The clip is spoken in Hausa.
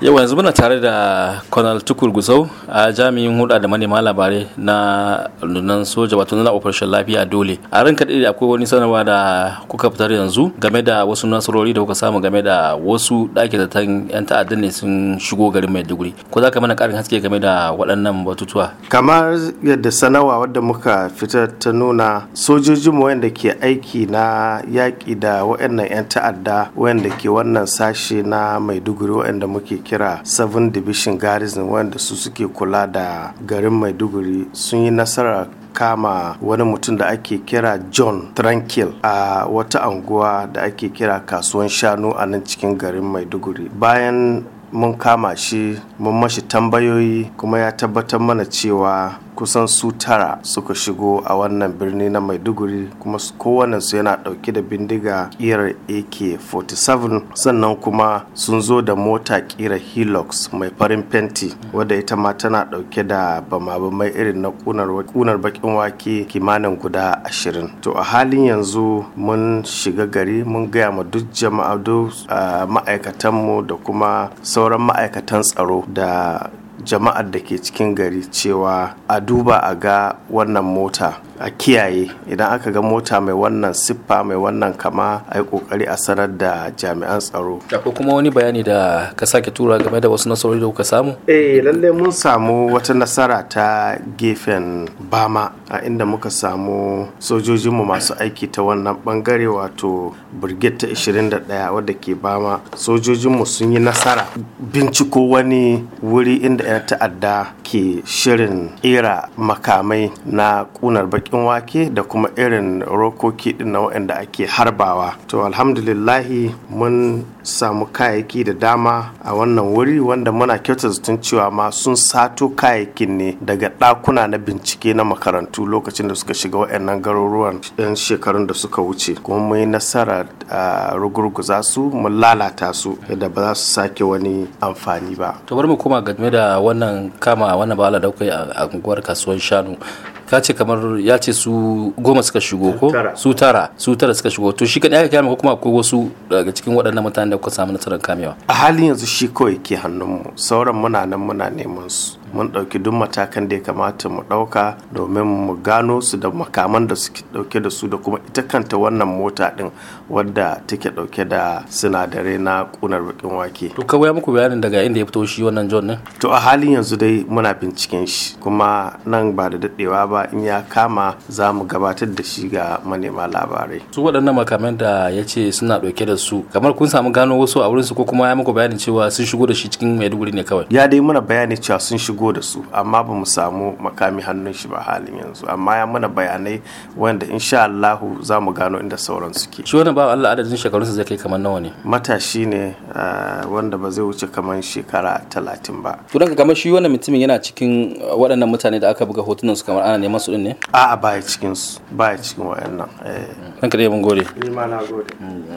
yau yanzu muna tare da kwanar tukur gusau a jami'in hulɗa da manema labarai na rundunar soja wato na operation lafiya dole a ran kaɗai da akwai wani sanarwa da kuka fitar yanzu game da wasu nasarori da kuka samu game da wasu ɗaki zaton yan ta'adda ne sun shigo garin maiduguri ko za ka mana ƙarin haske game da waɗannan batutuwa kamar yadda sanawa wadda muka fitar ta nuna sojojinmu wanda ke aiki na yaƙi da waɗannan yan ta'adda wanda ke wannan sashe na maiduguri wanda muke kira 7 division garrison wanda su suke kula da garin maiduguri sun yi nasarar kama wani mutum da ake kira john tranquil a wata anguwa da ake kira kasuwan shanu a nan cikin garin maiduguri bayan mun kama shi mun mashi tambayoyi kuma ya tabbatar mana cewa kusan su tara suka shigo a wannan birni na maiduguri kuma kowane su yana dauke da bindiga kirar ak-47 sannan kuma sun zo da mota kira hilux mai farin fenti wadda ita ma tana dauke da bamabamai irin na kunar bakin wake kimanin guda ashirin to a halin yanzu mun shiga gari mun gaya ma duk jama'a ah, ma'aikatanmu da kuma sauran ma'aikatan tsaro da jama'ar da ke cikin gari cewa a duba a ga wannan mota a kiyaye idan aka ga mota mai wannan siffa mai wannan kama a yi kokari a sanar da jami'an tsaro akwai kuma wani bayani da ka sake tura game da wasu nasarori da kuka samu eh lalle mun samu wata nasara ta gefen bama a inda muka samu sojojinmu masu aiki ta wannan bangare wato brigade ta 21 wadda ke bama sojojinmu sun yi nasara binciko wani wuri inda 'yan ta'adda ke shirin era makamai na kunar baki bakin wake da kuma irin rokoki din na waɗanda ake harbawa to alhamdulillahi mun samu kayayyaki da dama a wannan wuri wanda muna kyauta zaton cewa ma sun sato kayayyakin ne daga ɗakuna na bincike na makarantu lokacin da suka shiga waɗannan garuruwan ɗan shekarun da suka wuce kuma mun yi nasara a rugurguza su mun lalata su da ba za su sake wani amfani ba to bari mu koma game da wannan kama wannan bala da kai a unguwar kasuwar shanu ka ce kamar ya ce su goma suka shigo ko su tara su tara suka shigo to shi kan ya kame ko kuma akwai wasu daga cikin waɗannan mutane da kuka samu nasarar kamewa a halin yanzu shi kawai ke hannunmu sauran muna nan muna neman su mun ɗauki duk matakan da ya kamata mu ɗauka domin mu gano su da makaman da suke ɗauke da su da kuma ita kanta wannan mota ɗin wadda take ɗauke da sinadarai na ƙunar bakin wake. To kawai muku bayanin daga inda ya fito shi wannan John ne? To a halin yanzu dai muna binciken shi kuma nan ba da daɗewa ba in ya kama za mu gabatar da shi ga manema labarai. Su waɗannan makaman da ya ce suna ɗauke da su kamar kun samu gano wasu a wurinsu ko kuma ya muku bayanin cewa sun shigo da shi cikin Maiduguri ne kawai. Ya dai muna bayani cewa sun shigo shigo da su amma ba mu samu makami hannun shi ba halin yanzu amma ya mana bayanai wanda insha Allahu za mu gano inda sauran suke shi wannan ba Allah adadin shekarunsa zai kai kamar nawa ne matashi ne ah, wanda ba zai wuce kamar shekara talatin ba to daga kamar shi wannan mutumin yana cikin ah, waɗannan mutane da aka buga hotunan su kamar ana neman su din ne a'a baya cikin su baya cikin waɗannan eh kanka dai mun gode ni ma na gode mm, mm.